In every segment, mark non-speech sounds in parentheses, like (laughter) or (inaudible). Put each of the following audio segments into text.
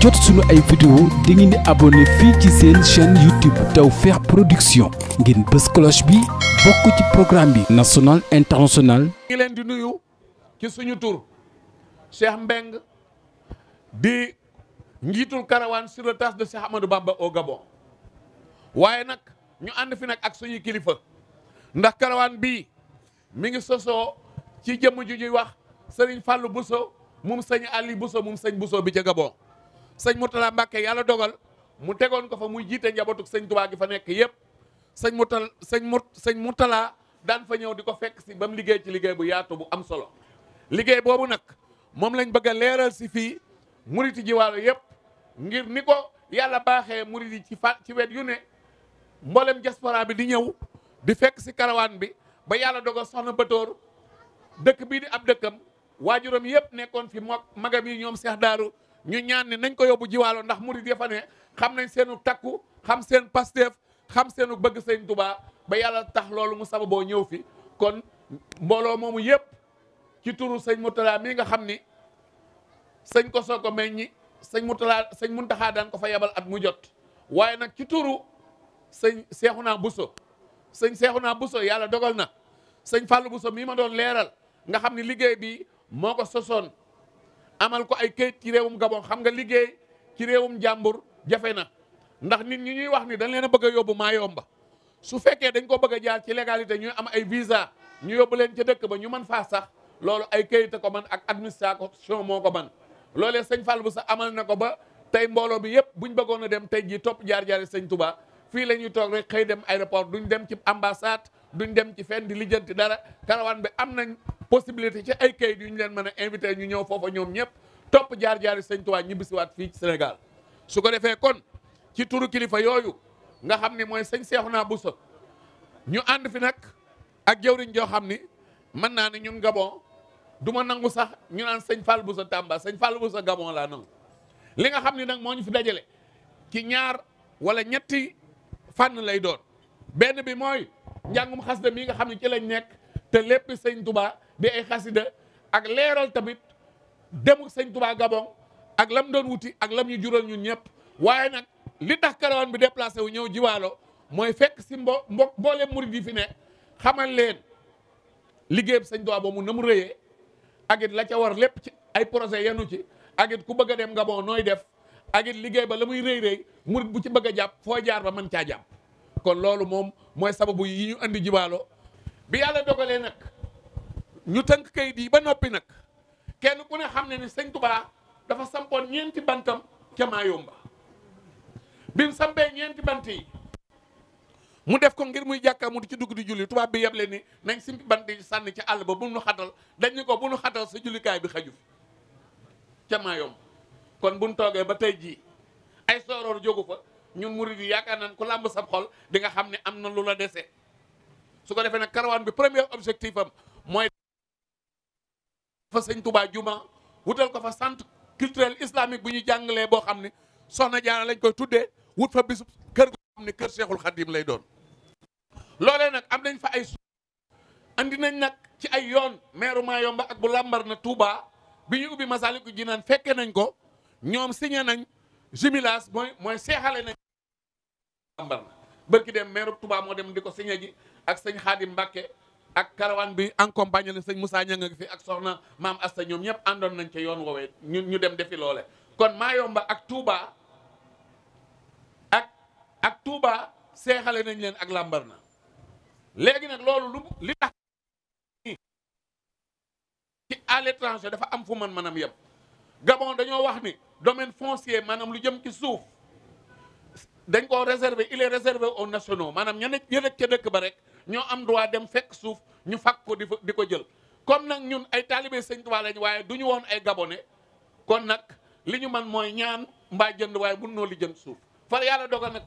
jot suñu ay vidéo da ngeen di abonné fii ci seen chaîne YouTube Tawfekh Production ngeen bës cloche bi bokk ci programme bi national international ngi leen di nuyu ci suñu tur Cheikh Mbeng di njiitul caravane sur le de Cheikh Amadou Bamba au Gabon waaye nag ñu ànd fi nag ak suñuy kilifa ndax caravane bii mi ngi sosoo ci jëmm ju ñuy wax sëriñ Fallou Bousso moom sëñ Ali Bousso moom sëñ Bousso bi ca Gabon sëñ Mourtala Mbacke yàlla dogal mu tegoon ko fa muy jiite njabootu sëñ Tuubaa gi fa nekk yëpp sëñ Mourtala sëñ Mour sëñ Mourtala daan fa ñëw di ko fekk si ba mu liggéey ci liggéey bu yaatu bu am solo liggéey boobu nag moom lañ bëgg a leeral si fii muriti jiwaalo yëpp ngir ni ko yàlla baaxee murit ci fa ci wet yu ne mboolem diaspora bi di ñëw di fekk si karawaan bi ba yàlla dogal soxna Batoor dëkk bii di ab dëkkam waajuram yëpp nekkoon fi magam yi ñoom Seex Daaru ñu ñaan ne nañ ko yóbbu jiwaalo ndax murid ya fa xam nañ seenu takku xam seen pasteef xam seenu bëgg sëñ Tuubaa ba yàlla tax loolu mu sababoo ñëw fi kon mbooloo moomu yépp ci turu sëñ Moutala mii nga xam ni sëñ ko soo ko meññi sëñ Moutala sëñ Muntaxa daan ko fa yebal at mu jot waaye nag ci turu sëñ naa Buso sëñ Seexuna Buso yàlla dogal na sëñ Fàllu Buso mii ma doon leeral nga xam ni liggéey bi moo ko sosoon amal ko ay kayit ci réewum Gabon xam nga liggéey ci réewum jàmbur jafe na ndax nit ñi ñuy wax ni dañ leen a bëgg a yóbbu maa yomba su fekkee dañ koo bëgg a jaar ci légalité ñuy am ay visa ñu yóbbu leen ca dëkk ba ñu mën faa sax loolu ay kayit ko man ak administration moo ko man loolee sëñ Fall bu sax amal na ko ba tey mbooloo bi yëpp buñ bëggoon a dem tey jii topp jaar-jaari sëñ Touba fii la ñuy toog rek xëy dem aéroport duñ dem ci ambassade duñ dem ci fenn di lijjanti dara karawaan bi am nañ possibilité ci ay kayit yu ñu leen mën a invité ñu ñëw foofa ñoom ñëpp topp jaar-jaari sëñ Tuubaa ñibbisiwaat fii ci Sénégal su ko defee kon ci turu kilifa yooyu nga xam ni mooy sëñ Seexuna Buso ñu ànd fi nag ak jëwriñ joo xam ni mën naa ne ñun Gabon du ma nangu sax ñu naan sëñ Fall Buso Tamba sëñ Fall sa Gabon laa nangu li nga xam ni nag moo ñu fi dajale ci ñaar wala ñetti fànn lay doon benn bi mooy njàngum xasida mi nga xam ne ci lañ te lépp sëñ Tuubaa bi ay xasida ak leeral tamit demuk sëñ Touba Gabon ak lam doon wuti ak lam yu jural ñun ñëpp waaye nag li tax karawaan bi déplacé wu ñëw jiwaalo mooy fekk si mbo mbo mboole murid yi fi ne xamal leen liggéeyam sëñ Touba boobu na mu rëyee ak la ca war lépp ci ay projet yenu ci ak ku bëgg a dem Gabon nooy def ak liggéey ba la muy rëy rëy murid bu ci bëgg jàpp foo jaar ba man caa jàpp kon loolu moom mooy sababu yi ñu andi jiwaalo bi yàlla dogalee ñu tënk kayit yi ba noppi nag kenn ku ne xam ne ni sëñ Touba dafa sampoon ñeenti bantam ca Maayomba bi mu sampee ñeenti bant yi mu def ko ngir muy jàkka mu di ci dugg di julli tubaab bi yeble ni nañ simpi bant yi sànni ci àll ba bu nu xatal dañ ni ko bu nu xatal sa jullikaay bi xaju ca kon bu nu toogee ba tey jii ay sooroor jógu fa ñun murid yi yaakaar naan ku làmb sab xol di nga xam ne am na lu la dese su ko defee nag karawaan bi premier objectif am mooy fa sëñ tubaa juma wutal ko fa sant culturel islamique bu ñu jàngalee boo xam ne soxna Jaara lañ koy tuddee wut fa bisub kër goo xam ne kër Seexul Xadim lay doon. loolee nag am nañ fa ay indi nañ nag ci ay yoon meeru yomba ak bu làmbar na Touba bi ñu ubbi Masaalikul Jinaan fekke nañ ko ñoom signé nañ jubilage mooy mooy seexale nañ. làmbar na bërki dem meeru tubaa moo dem di ko signé ji ak sëñ Xadim Mbàkke ak karawaan bi accompagné la sañ Moussa Niang nga fi ak soxna maam Asta ñoom ñëpp àndoon nañ ca yoon woowee ñu ñu dem defi loole kon Mayomba ak Touba ak ak Touba seexale nañ leen ak làmbar na léegi nag loolu lu li tax ci à l'étranger dafa am fu man maanaam yem Gabon dañoo wax ni domaine foncier maanaam lu jëm ci suuf dañ koo réservé il est réservé aux nationaux maanaam ña nekk ca dëkk ba rek ñoo am droit dem fekk suuf ñu fak ko di di ko jël comme nag ñun ay taalibe sëñ Tuubaa lañ waaye du ñu woon ay gabonais kon nag li ñu man mooy ñaan mbaa jënd waaye mun noo li jënd suuf fa yàlla dogal nag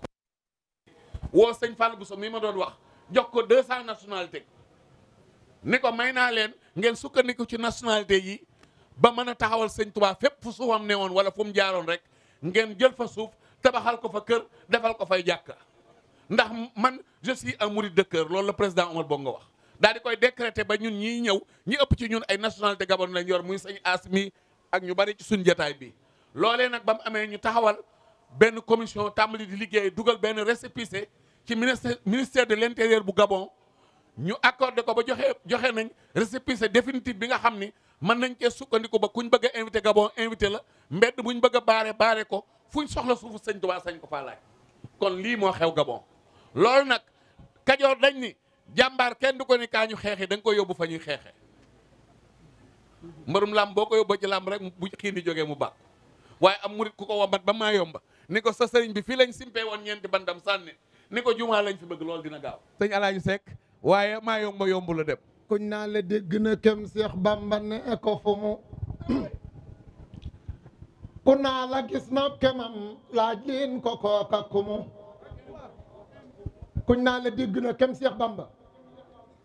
woo sëñ Fall Bousso mi ma doon wax jox ko 200 nationalité ni ko may naa leen ngeen sukkandiku ci nationalité yi ba mën a taxawal sëñ Tuubaa fépp fu suufam ne woon wala fu mu jaaroon rek ngeen jël fa suuf tabaxal ko fa kër defal ko fay jàkka ndax man je suis un mouride de cœur loolu la président Omar Bongo wax daal di koy décréter ba ñun ñiy ñëw ñi ëpp ci ñun ay nationalité Gabon lañ yor muy sëñ as mi ak ñu bari ci suñ jotaay bi. loolee nag ba mu amee ñu taxawal benn commission tàmbali di liggéey dugal benn récépissé ci ministère ministère de l'intérieur bu Gabon ñu accordé ko ba joxe joxe nañ récépissé définitif bi nga xam ni mën nañ cee sukkandiku ba kuñ bëgg a invité Gabon invité la mbedd buñ bëgg a baare baare ko fuñ soxla suufu sëñ Tuubaa sañ ko faa laaj kon lii moo xew Gabon loolu jàmbaar kenn du ko ni kaa ñu xeexi da nga ko yóbbu fa ñuy xeexe mbërum làmb boo ko yóbboo ci làmb rek bu xiin di jógee mu baax waaye am murit ku ko wambat ba maa yomba ni ko sa sëriñ bi fii lañ simpee woon ñeenti bandam sànni ni ko jumaa lañ fi bëgg loolu dina gaaw sëñ Alaaji Seck waaye maa yomba yombu la dem kuñ naa la dégg na kem Seex Bàmba ne eko fu mu ku naa la gis na kemam laaj liin ko kooka kumu kuñ naa la dégg na kem Seex Bamba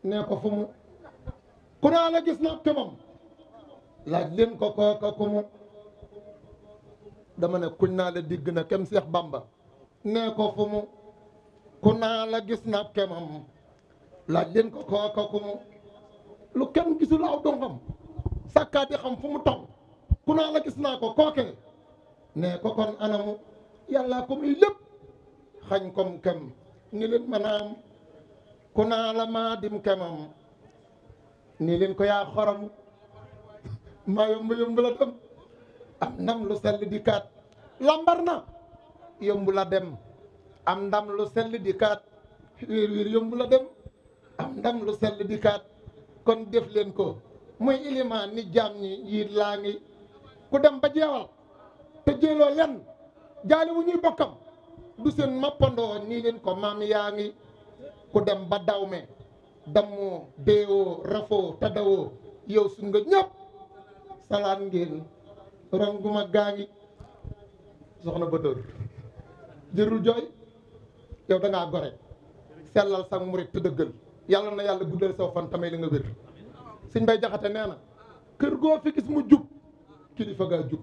nee ko fu mu ku la gis na kemam laaj leen ko kooka ku mu dama ne kuñ naa la dégg na kem Seex Bamba nee ko fu mu ku la gis naa kemam laaj leen ko kooka ku mu lu kenn gisul aw dongam sàkkaati xam fu mu toll ku la gis naa ko kookee nee ko kon anamu yàllaa ko muy lépp xañ kom kem ni leen manaam ku naa la maadim kemam ni leen ko yaa xorom maa yomb yomb la dem am ndam lu sell di kaat na yomb dem am ndam lu sell di kaat wiir wiir yomb la dem am ndam lu sell di kaat kon def leen ko muy ilimaan ni jaam ñi yiit ku dem ba jeewal te jéeloo len jaali wu ñuy bokkam du seen mappandoo nii leen ko maam yaa ngi ku dem ba dawme dammoo deewoo rafoo taddawoo yow suñ nga ñëpp salaan ngeen ronguma gaa ngi soxna bëtër jërul jooy yow da ngaa gore sellal sa murit te dëggal yàlla na yàlla guddal saw fan tamay la nga wér suñ bay jaxate nee na kër goo fi gis mu jub kilifa gaa jub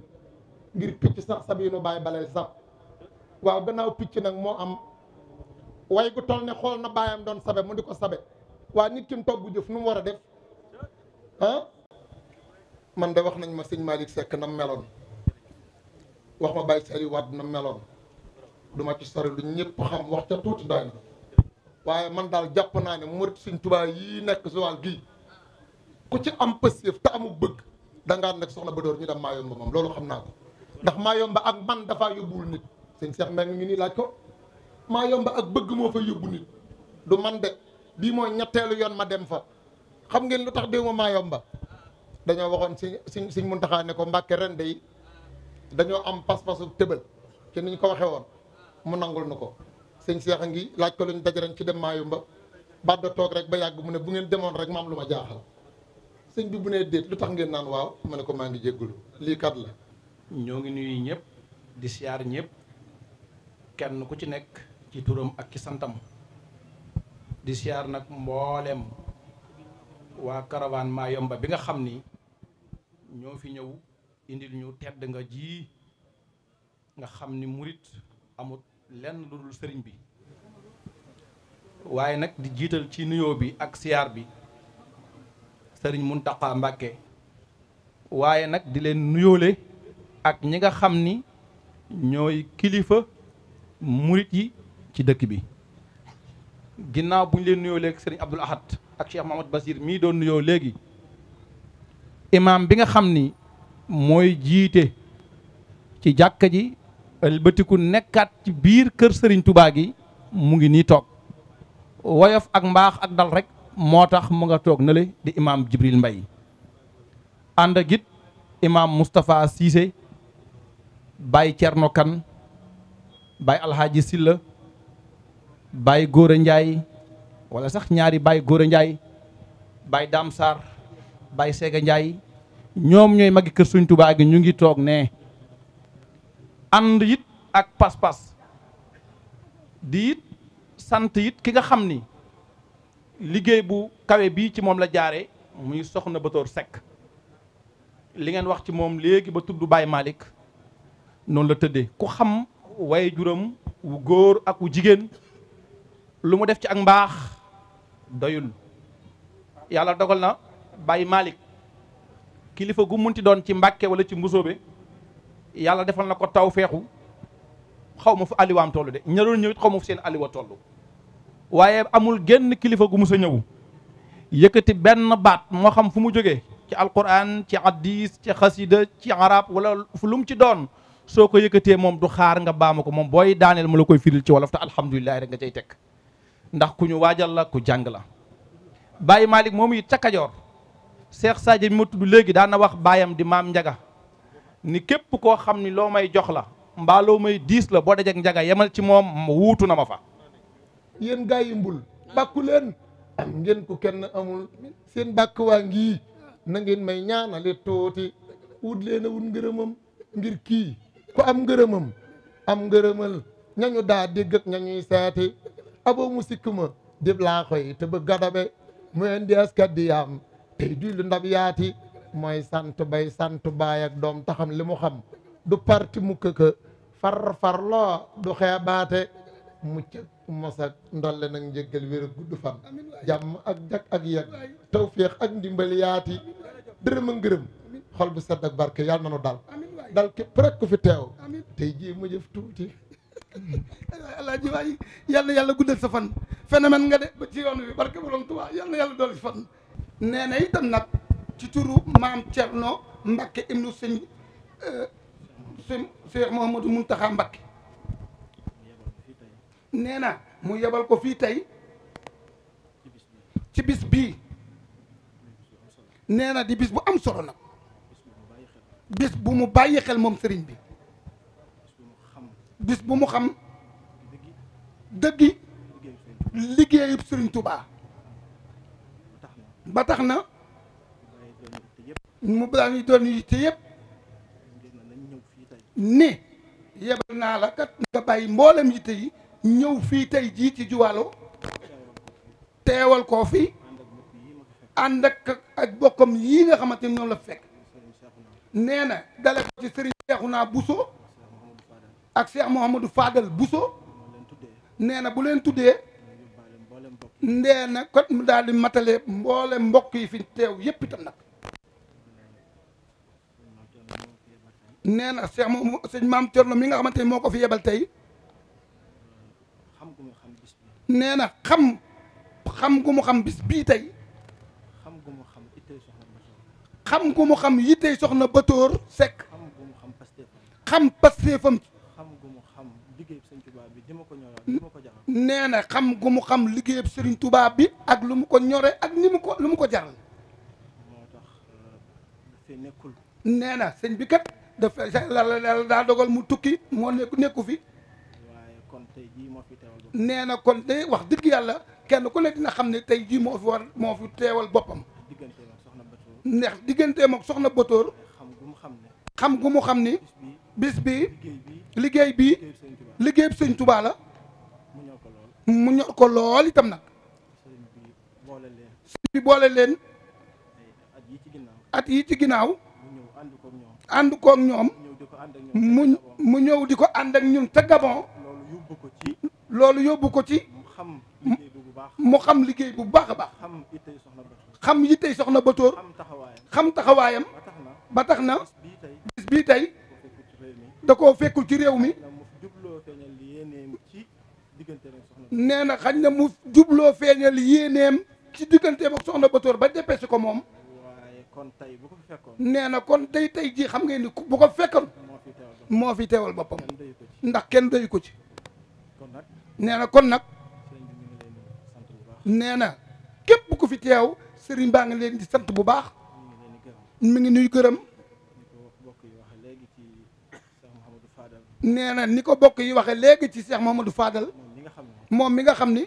ngir picc sax sabiinu bàyyi balay sax waaw gannaaw picc nag moo am way gu toll ne xool na baayam doon sabe mu di ko sabe waa nit ki mu togg jëf nu mu war a def ah man de wax nañ ma sëñ Malick sekk na meloon wax ma Baye Saliou Wade na meloon du ma ci sori lu ñëpp xam wax ca tuuti doy na waaye man daal jàpp naa ne murit sëñ Tuubaa yii nekk Joal gii ku ci am pësif te amu bëgg dangaa nekk soxna ba door ñu dem Mayumba moom loolu xam naa ko ndax Mayumba ak man dafaa yóbbuwul nit sëñ Cheikh Mbengue ngi nii laaj ko maa yomba ak bëgg moo fa yóbbu nit du man de bii mooy ñetteelu yoon ma dem fa xam ngeen lu tax déw ma maa yomba dañoo waxoon si si si Muntaxa ne ko Mbàkke ren de dañoo am pas-pasu tëbal ci ni ñu ko waxee woon mu nangul ko sëñ Cheikh a ngi laaj ko lu ñu dajaren ci dem maa yomba badda toog rek ba yàgg mu ne bu ngeen demoon rek ma am lu ma jaaxal sëñ bi bu nee déet lu tax ngeen naan waaw ma ne ko maa ngi jéggulu lii kat la ñoo ngi nuyu ñëpp di siyaar ñëpp kenn ku ci nekk ci turam ak ci santam di siyaar nag mboolem waa caravane Mayumba bi nga xam ni ñoo fi ñëw indil ñu tedd nga ji nga xam ni murit amut lenn lu sëriñ bi waaye nag di jiital ci nuyoo bi ak siyaar bi sëriñ Muntaqa Mbàkke waaye nag di leen nuyoole ak ñi nga xam ni ñooy kilifa murit yi ci dëkk bi ginnaaw bu leen nuyoo léegi sëriñ Abdul Ahad ak Cheikh Mahamad Basir mii doon nuyoo léegi imaam bi nga xam ni mooy jiite ci jàkka ji ëlbatiku nekkaat ci biir kër sëriñ Touba gi mu ngi nii toog woyof ak mbaax ak dal rek moo tax mu nga toog nale di imaam Jibril Mbay ànd ak it imaam Moustapha Cissé Baye Cerno Kan baay alxaaji silla baay góor a njaay wala sax ñaari baay góor a njaay baay daam saar baay seega njaay ñoom ñooy magi kër suñ tubaa gi ñu ngi toog nee ànd it ak pas-pas di it sant it ki nga xam ni liggéey bu kawe bii ci moom la jaare muy soxna Batoor Seck li ngeen wax ci moom léegi ba tudd Baye Malick noonu la tëdde ku xam way juram wu góor ak wu jigéen lu mu def ci ak mbaax doyul yàlla dogal na bay malik kilifa gu munti doon ci mbakke wala ci Mbusoobe yàlla defal na ko taw feexu xaw ma fu alliwaam toll de ña doon ñëw xaw ma fu seen alliwa toll waaye amul genn kilifa gu mus a ñëw yëkkati benn baat moo xam fu mu jógee ci alquran ci hadis ci xasida ci arab wala fu lu ci doon soo ko yëkkatee moom du xaar nga baama ko moom booy daaneel ma la koy firil ci wolof te alhamdulilah rek nga cay teg ndax ku ñu waajal la ku jàng la. Baye Malick moom it ca Kajoor Cheikh Sadio bi ma tudd léegi daan na wax baayam di maam njaga ni képp koo xam ni loo may jox la mbaa may diis la boo dajek njaga yemal ci moom wuutu na ma fa. yéen gaa mbul bàkku leen am ngeen ku kenn amul seen bàkk waa ngii na ngeen may ñaanale tooti wut leen a wut ngërëmam ngir kii. ku am ngërëmam am ngërëmal ñañu daa dégg ak ñañuy seeti aboo mu sikk ma dib laa te bëgg gadabe mu indi askat di yaam tey duy lu yaati mooy sant bay sant baay doom taxam li mu xam du parti mu këkë far far loo du xeebaate mucc ak mos ak ndolle nag njëggal wér gudd fan jàmm ak jak ak yeg tawféex ak ndimbal yaati dërëm a xol bu sedd ak barke yàlla nanu dal dal képp rek ku fi teew tey jii mu jëf tuuti (laughs) allah ji waay yàlla yàlla guddal sa fan phénomène nga de ba ci yoon wi barke borom Tuubaa yàlla yàlla dool si fan nee na itam nag ci turu maam noo Mbakke ibnu sëñ euh, sëñ Cheikh Mouhamadou Mountakha Mbakke nee na mu yebal ko fii tey ci bis bii nee na di bis bu am solo nag bis bu mu bàyyi xel moom sëriñ bi bis bu mu xam dëggi liggéeyub sëriñ tubaa ba tax na mu balaa ñuy doon yi te yëpp ni yebal naa la kat nga bàyyi mboolem yitte yi ñëw fii tey jii ci juwaalo teewal koo fi ànd ak ak bokkam yii nga xamante ni ñoom la fekk nee na dale ko ci Serigne Cheikhouna Bousso ak Cheikh Mouhamadou Fadal Bousso nee na bu leen tuddee nee na kot mu di matale mboole mbokk yi fi teew yépp itam nag nee na Cheikh moom sëñ maam Thierno mi nga xamante ni moo ko fi yebal tey nee na xam xam gu mu xam bis bii tey xam gu mu xam yittey soxna Batoor Seck xam pasteefam nee na xam gu mu xam liggéeyab Serigne tubaab bi ak lu mu ko ñore ak ni mu ko lu mu ko jaral euh, nee na sëñ bi kat dafa la daa dogal mu tukki moo nekk nekku fi nee na kon tey wax dëgg yàlla kenn ku ne dina xam ne tey jii moo fi war moo fi teewal boppam ndax digganteem mook soxna Botoor. xam gu mu xam ne. xam gu mu xam ni. bis bi liggéey bi liggéey bi sëñ la. mu ñor ko lool itam nag. sëñ bi boole leen. at yi ci ginnaaw. ànd koog ñoom. mu mu ñëw di ko ànd ak ñun ca Gabon. loolu yóbbu ko ci. mu xam liggéey bu baax a baax. xam xam yittey soxna Batoor xam taxawaayam ba tax na bii tey da koo fekkul ci réew mi nee na xañ na mu jubloo feeñal yéeneem ci digganteem ak soxna Batoor ba dépêché ko moom nee na kon tey tey jii xam ngeen ni bu ko fekkoon moo fi teewal boppam ndax kenn dayu ko ci nee na kon nag nee na képp ku fi teew sëriñ baa ngi leen di sant bu baax mu ngi nuy gërëm nee na ni ko bokk yi waxee léegi ci Cheikh Mamadou Fadal moom mi nga xam ni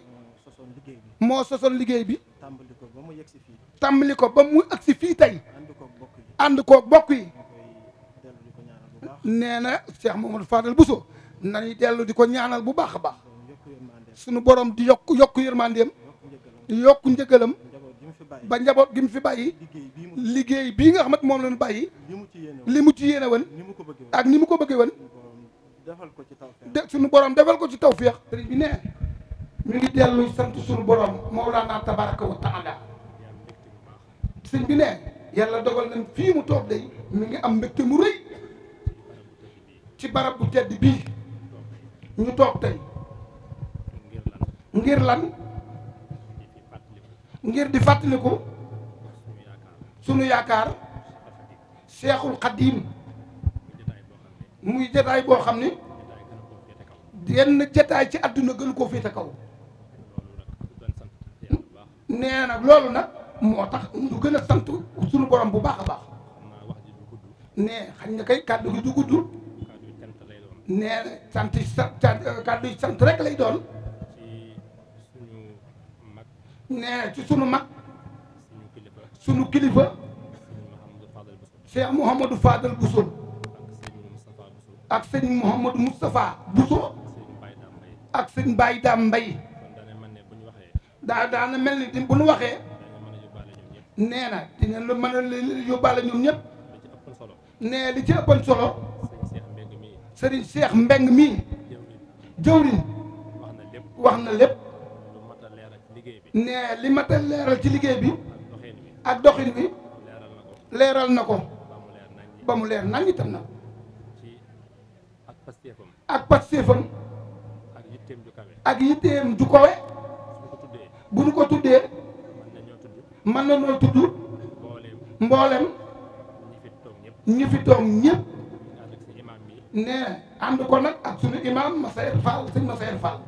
moo sosoon liggéey bi tàmbali ko ba mu agsi fii tàmbali ko ba mu agsi fii tey ànd koo bokk yi nee na Cheikh bu so Bousso nañuy dellu di ko ñaanal bu baax a baax sunu borom di yokk yokk yërmandeem yokk njëgalam ba njaboot gi mu fi bàyyi liggéey bii nga xamat moom la ñu bàyyi li mu ci yéene woon ak ni mu ko bëggee woon de suñu borom defal ko ci tawféex sëriñ bi ne mi ngi dellu sant suñu borom Mawlana tabaraka wa taala sëriñ bi ne yàlla dogal nañ fii mu toog day mu ngi am mbégte mu rëy ci barab bu tedd bii ñu toog tey ngir lan ngir di fàttaliku sunu yaakaar seexul xadiim muy jataay boo xam ne yenn jataay ci àdduna gën koo féete kaw nee nag loolu nag moo tax ñu gën a sant sunu borom bu baax a baax nee xañ nga kay kàddu gi du gudd nee sant kàddu sant rek lay doon nee ci sunu mag sunu kilifa Cheikh Mouhamadou Fadal Bousso ak sëñ Mouhamadou Moustapha Bousso ak sëñ Baye Dame Mbaye daa daana mel ni bu ñu waxee nee na dina lu mën a yóbbaale ñoom ñëpp nee li ci ëppoon solo sëriñ Cheikh Mbeng mii jëwriñ wax na lépp ne li ma tal leeral ci liggéey bi ak doxin bi leeral na ko ba mu leer nañ itam na ak pastéefam ak yitteem ju kawe bu ñu ko tuddee mën na noo tudd mboolem ñi fi toog ñëpp ne ànd ko nag ak suñu imaam Masayer Fall sëñ Masayer Fall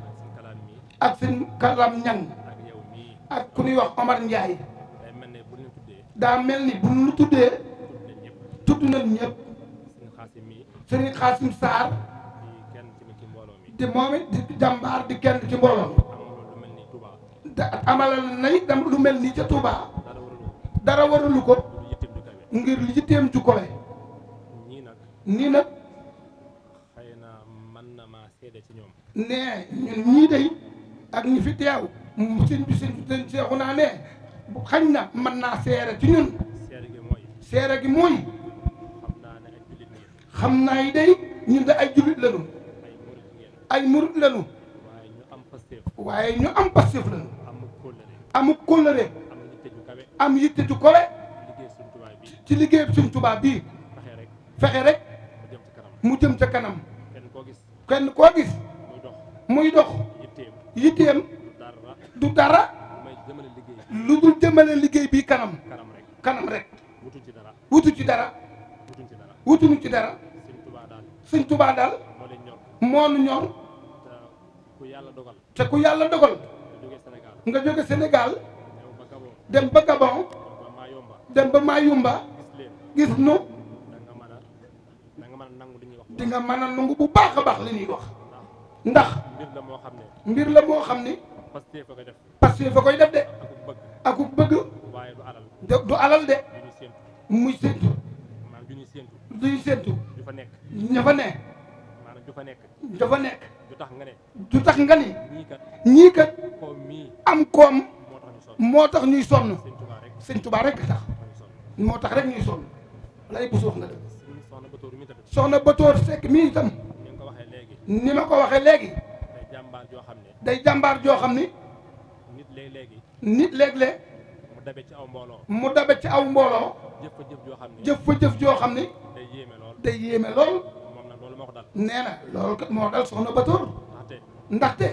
ak sëñ Kalam Ñang ak ku ñuy wax Omar Ndiaye daa mel ni bu ñu tuddee tudd nañ ñëpp sëriñ Xaasim Sarr di moom it di jàmbaar di kenn ci mbooloo mi da amalal na it lu mel nii ca Touba dara waralu ko ngir yitteem ju kowe nii nag nee ñun ñii day ak ñi fi teew si bi sëñ sëñ seexu naa ne bu xañ na man naa seere ci ñun seere gi mooy xam naa yi day ñun de ay julit lañu ay murit lañu waaye ñu am pastéef lañu amuk kóllëre am yitte ju kowe ci liggéey suñ tubaab bii fexe rek mu jëm ca kanam kenn koo gis muy dox yitteem du dara lu dul jëmale liggéey bii kanam kanam rek wutu ci dara wutuñu ci dara sëñ tubaa daal moo nu ñor te ku yàlla dogal nga jóge Sénégal dem ba Gabon dem ba Mayumba gis nu di nga mën a nangu bu baax a baax li ñuy wax ndax mbir la moo xam ne Pastef fa koy def. Pastef fa koy def de. ak ku bëgg. du alal. du alal de. muy séntu. maanaam du ñuy séntu. du ñuy séntu. du fa nekk. ña fa nekk. maanaam du fa nekk. dafa nekk. du tax nga ne. du tax nga ni. ñii kat. ñii kat. koom mii. am koom. moo tax ñuy sonn. sëñ Tuubaa rek tax moo tax rek ñuy sonn lay bu wax na dëgg soxna Batoor Sekk mii itam ni ma ko waxee léegi. ni ma ko waxee léegi. day jàmbaar joo xam day jàmbaar joo xam ni. nit léeg-léegi. nit léeg-léeg. mu dabe ci aw mbooloo. mu dabe ci aw mbooloo. jëf fa jëf joo xam ni. jëf fa jëf joo xam ni. day yéeme lool day yéeme lool. moom nag loolu moo dal. nee na loolu kat moo dal soxna Batoor. ndaxte. ndaxte.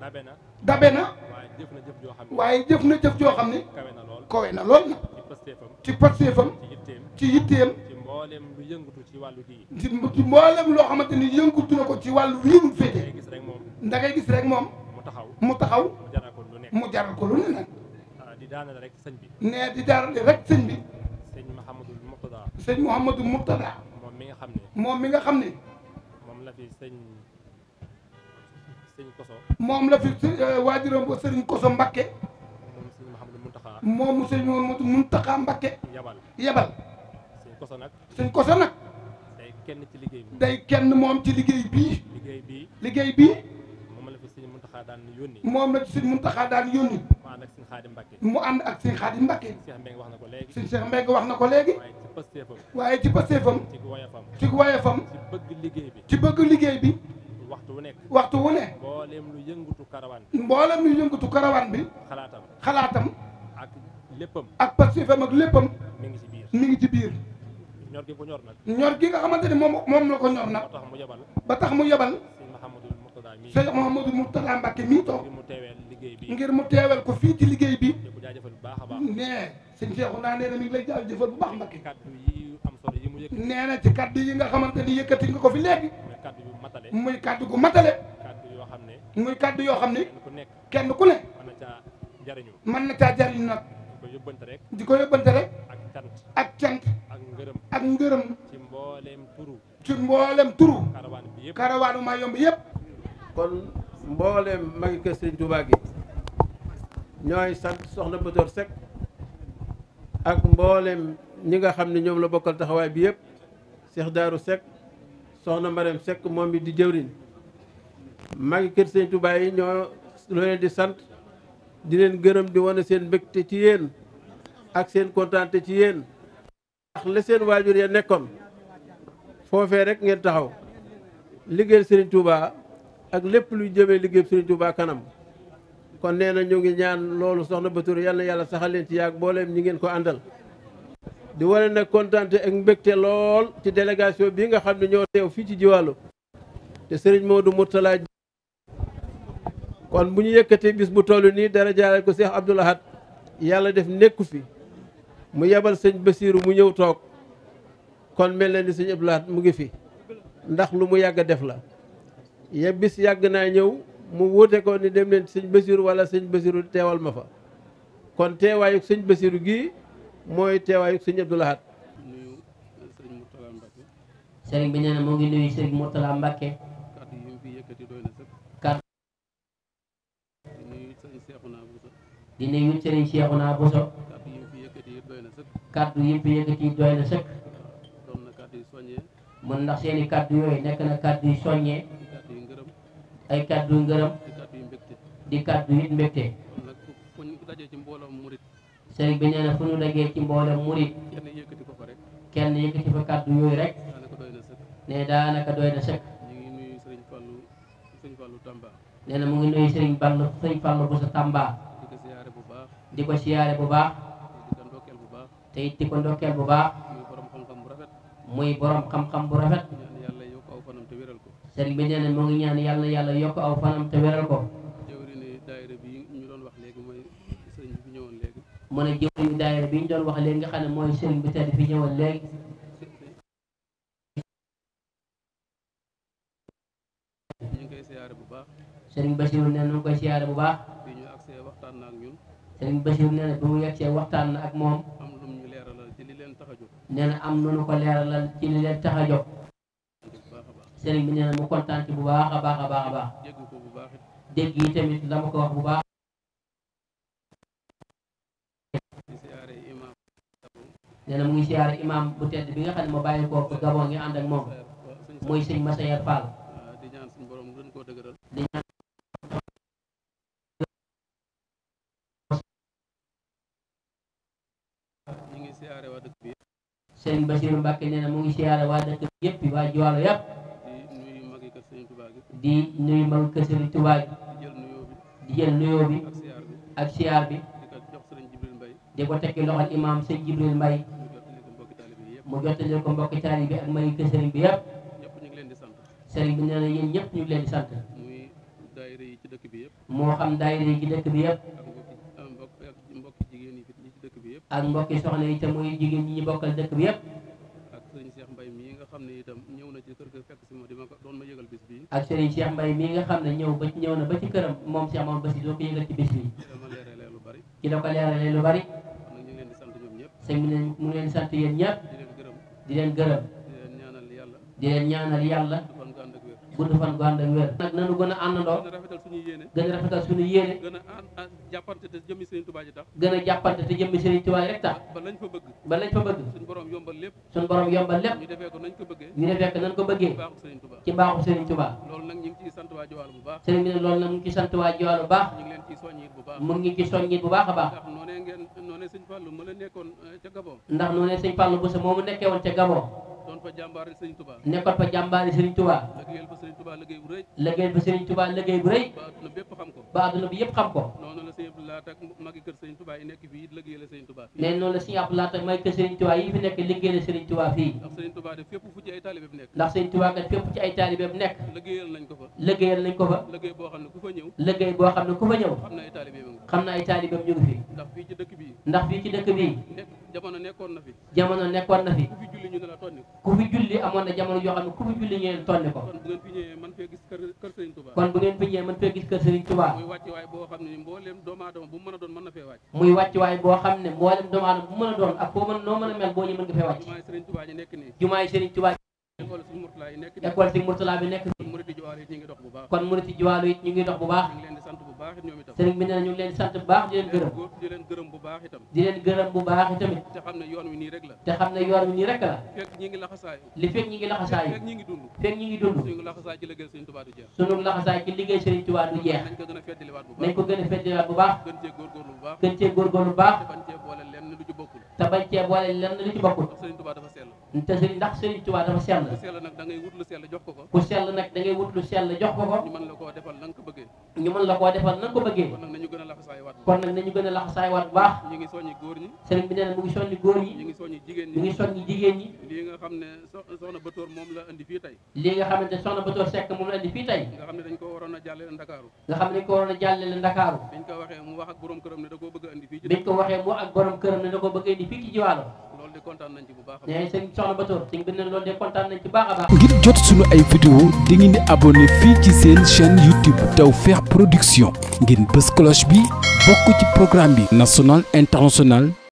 dabe na. dabe na. waaye jëf na jëf joo xam ni. waaye jëf na jëf joo xam ni. kawe na lool kawe na lool. ci pasteefam. ci pasteefam. ci yitteem ci yitteem. mboolem lu yëngatu ci wàllu di ci mboolem loo xamante ni yëngatu na ko ci wàllu wii mu féete da ngay gis rek moom mu taxaw mu taxaw mu jaral ko lu ne nag. Ah, di daanale rek sëñ bi. ne di daanale rek sëñ bi. sëñ Mouhamadou Mourtada. sëñ Mouhamadou Mourtada. moom mi nga xam ne. moom mi nga xam ne. moom la fi sëñ sëñ Koso. moom la fi eh, waajuram ba sëriñ Koso Mbakke. moom sëñ Mouhamadou Mountakha Mbakke. yabal yabal. sëñ Koso nag. sëñ Koso nag. day kenn ci liggéey bi. day kenn moom ci liggéey bii. liggéey bii Muntaxa daan yónni moom la Sëriñ Muntaxa daan yónni mu ànd ak Sëriñ Xaadim Mbàkke mu ànd ak Sëriñ wax na ko léegi Sëriñ Cheikh Mbengue wax na ko waaye ci pasteefam ci woyofam ci woyofam bëgg liggéey bi ci bëgg liggéey bi waxtu wu nekk waxtu wu mboolem lu yëngatu karawaan bi mboolem lu yëngatu karawaan bi xalaatam xalaatam ak léppam ak pasteefam ak léppam mi ngi ci biir mi ngi ci biir ñor gi ko ñor nag ñor nga xamante ne moom moom la ko ñor nag ba tax mu yebal Cheikh Mouhamadou Mourtada Mbacke mii toog ngir mu teewel ko fii ci liggéey bi nee sëñ Cheikh naa nee na mi ngi lay jaajëfal bu baax Mbacke nee na ci kaddu yi nga xamante ni yëkkati nga ko fi léegi muy kaddu gu matale muy kaddu yoo xam ne kenn ku ne mën na caa jariñ nag di ko yóbbante rek ak cant ak ngërëm ci mboolem turu. ci mboolem turu karawaanu maa yomb yëpp. kon mbooleem magi kër Sëriñ Tuubaa gi ñooy sant soxna Batoor Seck ak mbooleem ñi nga xam ne ñoom la bokkal taxawaay bi yëpp Cheikh Daaru Seck soxna Marème Seck moom it di jëwriñ magi kër Sëriñ Tuubaa yi ñoo loo di sant di leen gërëm di wane seen mbégte ci yéen ak seen kontaante ci yéen ak la seen waajur ya nekkoon foofee rek ngeen taxaw liggéeyal Sëriñ Tuubaa ak lépp luy jëmee liggéey Sëriñ Tuubaa kanam kon nee na ñu ngi ñaan loolu soxna Batur yal yàlla saxal leen ci yaag booleem ñi ngeen ko àndal di wane na kontante ak mbégte lool ci délégation bii nga xam ne ñoo teew fii ci jiwàllu te Sëriñ Moodu Murtala kon bu ñu yëkkatee bis bu toll nii dara jaarale ko Seex Abdul Ahad yàlla def nekku fi mu yebal sëñ Basiiru mu ñëw toog kon mel na ni sëñ Abdul mu ngi fi ndax lu mu yàgg def la ya bis yàgg naa ñëw mu wuute ko ni dem leen sëñ Basiru wala sëñ Basiru teewal ma fa kon teewaayu sëñ Basiru gi mooy teewaayu sëñ Abdou Lahad sëriñ bi nee na ngi nuyu sëriñ Mourtala Mbacke kàddu yi mu fi yëkkati doy na sëpp kàddu sëriñ Cheikhouna Bousso di nuyu sëriñ Cheikhouna doy na sëpp kàddu yi mu na sëpp doon na kàddu yu soññee mën ndax seeni kàddu yooyu nekk na kàddu yu soññee ay kàddu ngërëm di kàddu it mbégte sëriñ bi nee na fu ñu dajee ci mboolem murit kenn yëkkati fa kàddu yooyu rek ne daanaka doy na sëkk nee na mu ngi nuyu sëriñ Fallu sëriñ Fallu bu sa Tamba di ko siyaare bu baax te bu it di ko ndokkeel bu baax muy borom xam-xam bu rafet te wéral ko sëriñ bi nee na mu ngi ñaan yàlla yàlla yokk aw fanam te wéral ko jëwriñu daayira bi ñu doon wax léegi mooy sëriñ bi ñëwoon léegi mu ne jëwriñu daayira bi ñu doon wax léegi nga xam ne mooy sëriñ bi tedd fi ñëwoon léegi ñu ngi koy siyaare bu baax sëriñ ba nee na ñu siyaare bu baax bi ñu agsee waxtaan na ak ñun sëriñ Basiru nee na bi mu yegsee waxtaan na ak moom am lu ñu leeralal ci li leen tax a am lu ñu ko leeralal ci li leen tax sëriñ bi nee mu kontaan bu baax a baax a baax a baax dégg yi tamit la ma ko wax bu baax nee mu ngi siyaare imam bu tedd bi nga xam ne ma bàyyi ko Gabon ngi ànd ak moom mooy di ñaan suñu borom gën koo dëgëral ñu ngi siyaare waa dëkk bi sëriñ Basiru Mbàkke nee mu ngi siyaare waa dëkk bi waa Joalo yëpp di nuyu maam kër Sëriñ Tuubaa bi di jël nuyoo bi ak siyaar bi di ko tekki loxol imaam sëñ Jibril Mbay mu jottali ko mbokki taali bi ak mayu kër sëriñ bi yëpp sëriñ bi nee na yéen ñëpp ñu ngi leen di sant moo xam daayira yi ci dëkk bi yëpp ak mbokki soxna yi te muy jigéen ñi ñu bokkal dëkk bi yëpp sëriñ Cheikh Mbaye mii nga xam ne itam ñëw na ci kër ga fekk si ma di ma ko doon ma yëgal bis bi ak sëriñ Cheikh mii nga xam ne ñëw ba ñëw na ba ci këram moom Cheikh moom basi doo ko yëgal ci bis bi ci la ko leeralee lu bari sëñ mu ngi leen di sant yéen ñëpp di leen gërëm di leen ñaanal yàlla gudd fan gu ànd ak wér nag nanu gën a àndandoo gën a rafetal suñu yéene gën a rafetal suñu yéene gën a jàppante te jëmmi Serigne Touba ji tax gën a jàppante te jëmmi Serigne Touba rek tax ba lañ fa bëgg ba lañ fa bëgg suñu borom yombal lépp suñu borom yombal lépp ñu defee ko nañ ko bëggee ñu defee ko nañ ko bëggee ci baaxu Serigne Touba loolu nag ñu ngi ciy sant waa Joal bu baax Serigne bi nag loolu nag mu ngi ciy sant waa Joal bu baax ñu ngi leen ciy soññi bu baax mu ngi ci soññi bu baax a baax ndax noonee ngeen noonee Serigne Fallou mu la nekkoon eh, ca Gabon ndax noonee Serigne Fallou bu sa moomu nekkee woon ca Gabon doon fa jàmbaari Serigne Touba nekkoon fa jàmbaari Serigne Touba Sëriñ Tuubaa liggéey bu rëy bi Sëriñ Tuubaa liggéey bu rëy ba adduna bi yëpp xam ko noonu la sëñ Abdou Lahad ak magi kër Sëriñ Tuubaa yi fi nekk liggéey la Sëriñ fii ndax Sëriñ Tuubaa de fépp ci ay taalibeem nekk nekk liggéeyal nañ ko fa liggéeyal nañ ko fa liggéey boo xam ne ku fa ñëw xam ne ku fa ñëw xam na ay taalibeem ñu ngi fi ndax fii ci dëkk bii jamono nekkoon na fi. jamono nekkoon na fi. ku fi julli ñu ne la tonni ko. ku fi julli amoon na jamono yoo xam ne ku fi ko. kon bu ngeen fi ñëwee mën fee gis kër Serigne Touba. kon bu ngeen fi ñëwee mën fee gis kër Serigne Touba. muy wàccuwaay boo xam ne mboolem doomu bu mu a doon mën na fee boo xam ne mboolem doomu bu mu a doon ak foo mën noo mën a mel boo ñëwee mën nga fee wàcc. jumaay Serigne Touba ñu école si Mourtala bi nekk fii. kon muriti jiwaalo it ñu ngi dox bu baax. sëriñ bi nee na ñu leen sant bu baax di leen gërëm. bu baax itamit. te xam ne yoon wi nii rek la. te xam ne ngi laxasaayu. li fekk ñi ngi laxasaayu. fekk ñi ngi dund. fekk ñi ngi dund. suñu laxasaay ci liggéey sëriñ Tuubaa du jeex. suñu laxasaay ci liggéey sëriñ Tuubaa du jeex. nañ ko gën a feddaliwaat bu baax. gën cee góorgóorlu bu bu baax. te bañ cee boole lenn lu ci bokkul. te sëriñ ndax sëriñ Tuubaa dafa sell. ku sell nag da ngay wut lu sell jox ko ko. ku sell nag da ngay wut lu sell jox ko ko. ñu mën la koo defal na nga ko bëggee. ñu mën la koo defal na nga ko bëggee. kon nag nañu gën a laxasaay waat. kon nag nañu gën a laxasaay waat bu baax. ñu ngi soññi góor ñi. sëriñ bi nee na mu ngi soññi góor ñi. ñu ngi soññi jigéen ñi. ñu ngi soññi jigéen ñi. lii nga xam ne soxna Batoor moom la indi fii tey. lii nga xamante soxna Batoor Seck moom la indi fii tey. nga xam ne dañ ko waroon a jàllale Ndakaaru. nga xam ne dañ ko waroon a jàllale Ndakaaru. biñ ko waxee mu wax ak borom këram ne da koo bëgg a indi fii ci. biñ ko waxee mu ak borom këram ne da koo bëgg a indi fii ci Jiwaalo loolu kontaan nañ ci bu baax a baax. nee sëñ soxna Batoor sëñ bi ne loolu de a baax. ngir jot suñu ay vidéo di ngeen di abonné fii ci seen chaîne YouTube Tawfekh Production ngeen bës cloche bi bokk ci programme bi national international.